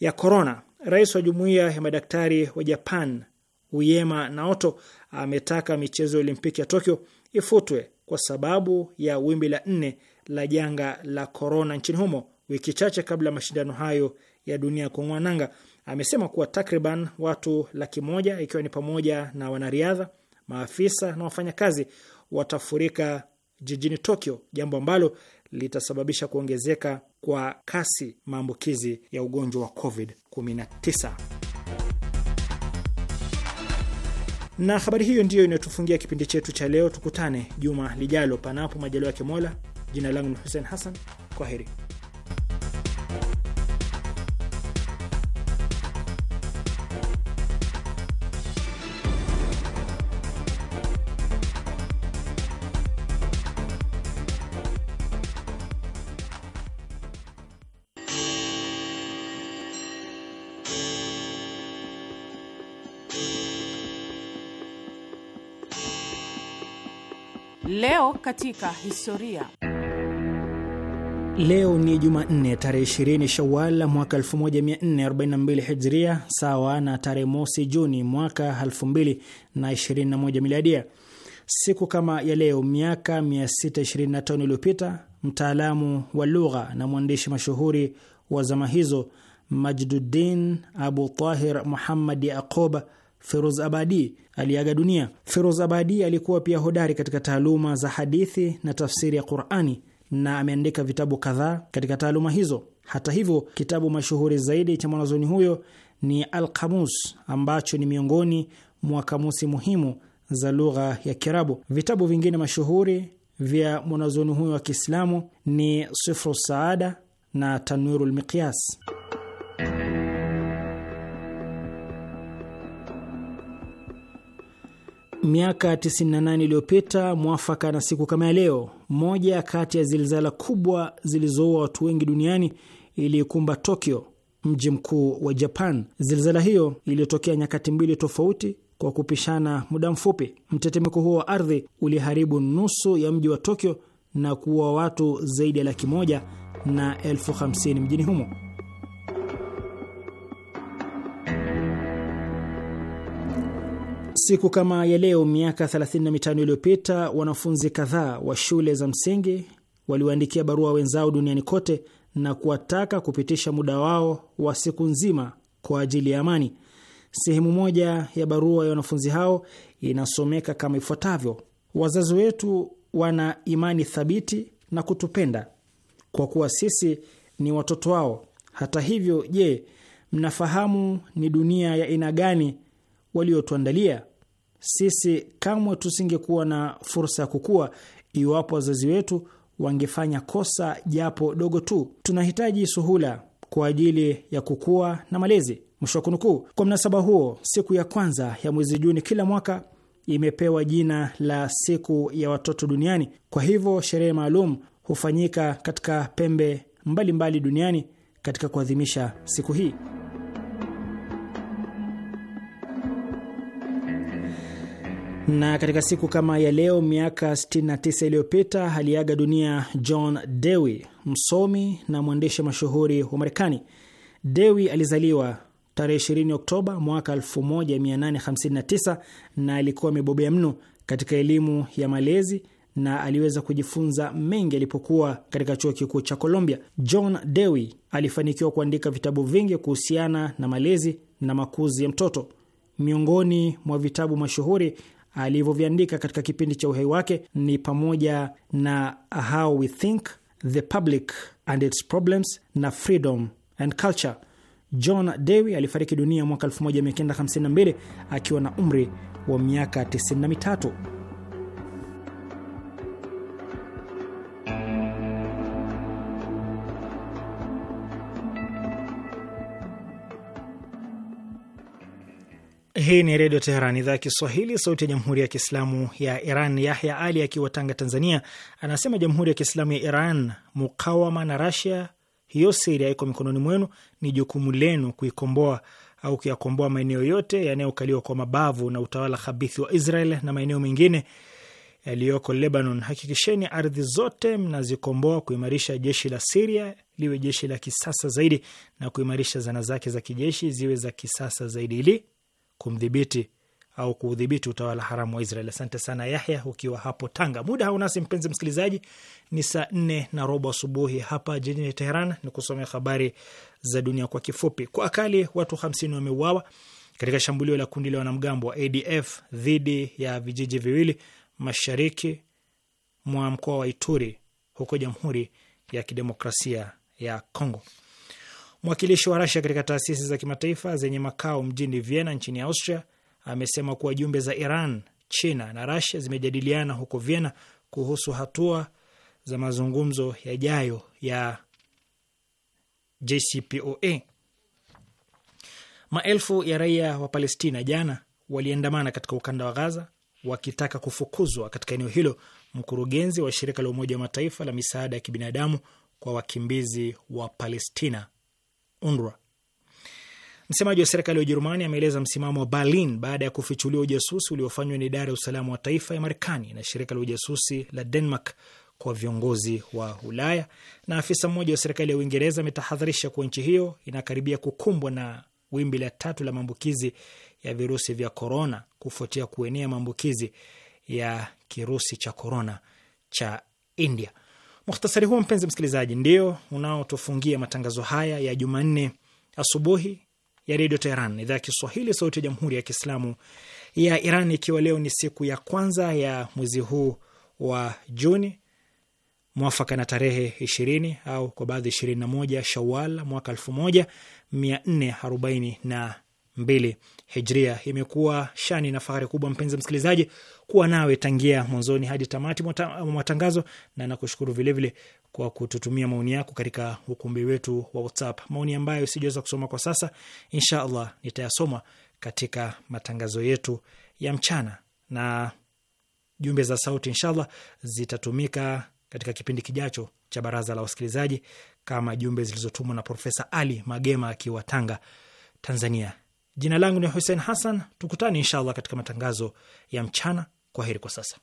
ya korona. Rais wa jumuiya ya madaktari wa Japan Uyema Naoto ametaka michezo ya Olimpiki ya Tokyo ifutwe kwa sababu ya wimbi la nne la janga la korona nchini humo, wiki chache kabla ya mashindano hayo ya dunia kung'oa nanga. Amesema kuwa takriban watu laki moja ikiwa ni pamoja na wanariadha, maafisa na wafanyakazi watafurika jijini Tokyo, jambo ambalo litasababisha kuongezeka kwa kasi maambukizi ya ugonjwa wa COVID-19. Na habari hiyo ndiyo inayotufungia kipindi chetu cha leo. Tukutane juma lijalo, panapo majaliwa ya Mola. Jina langu ni Hussein Hassan, kwa heri. katika historia. Leo ni Jumanne tarehe 20 Shawal mwaka 1442 Hijria, sawa na tarehe mosi Juni mwaka 2021 Miladia. Siku kama ya leo miaka 625 iliyopita, mtaalamu wa lugha na mwandishi mashuhuri wa zama hizo Majduddin Abu Tahir Muhammad Yaquba Feroz Abadi aliaga dunia. Feroz Abadi alikuwa pia hodari katika taaluma za hadithi na tafsiri ya Qurani na ameandika vitabu kadhaa katika taaluma hizo. Hata hivyo, kitabu mashuhuri zaidi cha mwanazoni huyo ni kamus ambacho ni miongoni mwa kamusi muhimu za lugha ya Kiarabu. Vitabu vingine mashuhuri vya mwanazoni huyo wa Kiislamu ni Sifru Saada na Tanwiru lmiqyas. miaka 98 iliyopita mwafaka na siku kama ya leo, moja kati ya zilzala kubwa zilizoua watu wengi duniani iliikumba Tokyo, mji mkuu wa Japan. Zilzala hiyo iliyotokea nyakati mbili tofauti kwa kupishana muda mfupi. Mtetemeko huo wa ardhi uliharibu nusu ya mji wa Tokyo na kuua watu zaidi ya laki moja na elfu hamsini mjini humo. Siku kama ya leo miaka 35 iliyopita wanafunzi kadhaa wa shule za msingi waliwaandikia barua wenzao duniani kote na kuwataka kupitisha muda wao wa siku nzima kwa ajili ya amani. Sehemu moja ya barua ya wanafunzi hao inasomeka kama ifuatavyo: wazazi wetu wana imani thabiti na kutupenda kwa kuwa sisi ni watoto wao. Hata hivyo, je, mnafahamu ni dunia ya aina gani waliotuandalia? sisi kamwe tusingekuwa na fursa ya kukua iwapo wazazi wetu wangefanya kosa japo dogo tu. Tunahitaji suhula kwa ajili ya kukua na malezi. Mwisho wa kunukuu. Kwa mnasaba huo, siku ya kwanza ya mwezi Juni kila mwaka imepewa jina la siku ya watoto duniani. Kwa hivyo sherehe maalum hufanyika katika pembe mbalimbali mbali duniani katika kuadhimisha siku hii. Na katika siku kama ya leo miaka 69 iliyopita aliaga dunia John Dewey, msomi na mwandishi mashuhuri wa Marekani. Dewey alizaliwa tarehe 20 Oktoba mwaka 1859 na alikuwa amebobea mno katika elimu ya malezi na aliweza kujifunza mengi alipokuwa katika chuo kikuu cha Columbia. John Dewey alifanikiwa kuandika vitabu vingi kuhusiana na malezi na makuzi ya mtoto. Miongoni mwa vitabu mashuhuri alivyoviandika katika kipindi cha uhai wake ni pamoja na How We Think, The Public and Its Problems na Freedom and Culture. John Dewey alifariki dunia mwaka 1952 akiwa na umri wa miaka 93. Hii ni Redio Teheran, idhaa ya Kiswahili, sauti ya Jamhuri ya Kiislamu ya Iran. Yahya Ali akiwa Tanga, Tanzania, anasema Jamhuri ya Kiislamu ya Iran, mukawama na Rasia, hiyo siri haiko mikononi mwenu, ni jukumu lenu kuikomboa au kuyakomboa maeneo yote yanayokaliwa kwa mabavu na utawala khabithi wa Israel na maeneo mengine yaliyoko Lebanon. Hakikisheni ardhi zote mnazikomboa, kuimarisha jeshi la Siria liwe jeshi la kisasa zaidi na kuimarisha zana zake za kijeshi ziwe za kisasa zaidi ili kumdhibiti au kuudhibiti utawala haramu wa Israel. Asante sana Yahya ukiwa hapo Tanga. Muda haunasi mpenzi msikilizaji, ni saa nne na robo asubuhi hapa jijini Teheran. Ni kusomea habari za dunia kwa kifupi. Kwa akali watu hamsini wameuawa katika shambulio la kundi la wanamgambo wa ADF dhidi ya vijiji viwili mashariki mwa mkoa wa Ituri huko Jamhuri ya Kidemokrasia ya Kongo. Mwakilishi wa Rasia katika taasisi za kimataifa zenye makao mjini Vienna nchini Austria amesema kuwa jumbe za Iran, China na Rasia zimejadiliana huko Vienna kuhusu hatua za mazungumzo yajayo ya JCPOA. Maelfu ya raia wa Palestina jana waliandamana katika ukanda wa Gaza wakitaka kufukuzwa katika eneo hilo mkurugenzi wa shirika la Umoja wa Mataifa la misaada ya kibinadamu kwa wakimbizi wa Palestina UNRWA. Msemaji wa serikali ya Ujerumani ameeleza msimamo wa Berlin baada ya kufichuliwa ujasusi uliofanywa na idara ya usalama wa taifa ya Marekani na shirika la ujasusi la Denmark kwa viongozi wa Ulaya. Na afisa mmoja wa serikali ya Uingereza ametahadharisha kuwa nchi hiyo inakaribia kukumbwa na wimbi la tatu la maambukizi ya virusi vya korona kufuatia kuenea maambukizi ya kirusi cha korona cha India muhtasari huo mpenzi msikilizaji, ndio unaotufungia matangazo haya ya Jumanne asubuhi ya Redio Teheran, idhaa ya Kiswahili, sauti ya Jamhuri ya Kiislamu ya Iran, ikiwa leo ni siku ya kwanza ya mwezi huu wa Juni mwafaka na tarehe ishirini au kwa baadhi ishirini na moja Shawal mwaka elfu moja mia nne arobaini na mbili hijria. Imekuwa shani na fahari kubwa, mpenzi msikilizaji, kuwa nawe tangia mwanzoni hadi tamati mwata, matangazo, na nakushukuru vilevile kwa kututumia maoni yako katika ukumbi wetu wa WhatsApp, maoni ambayo sijaweza kusoma kwa sasa. Insha allah nitayasoma katika matangazo yetu ya mchana, na jumbe za sauti inshallah zitatumika katika kipindi kijacho cha baraza la wasikilizaji, kama jumbe zilizotumwa na Profesa Ali Magema akiwa Tanga, Tanzania. Jina langu ni Hussein Hassan, tukutane inshallah katika matangazo ya mchana. Kwa heri kwa sasa.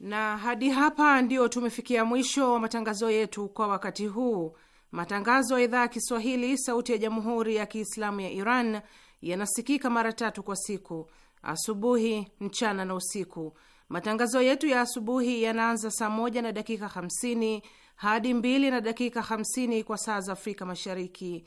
Na hadi hapa ndio tumefikia mwisho wa matangazo yetu kwa wakati huu. Matangazo ya idhaa ya Kiswahili sauti ya jamhuri ya Kiislamu ya Iran yanasikika mara tatu kwa siku: asubuhi, mchana na usiku. Matangazo yetu ya asubuhi yanaanza saa moja na dakika hamsini hadi mbili na dakika hamsini kwa saa za Afrika Mashariki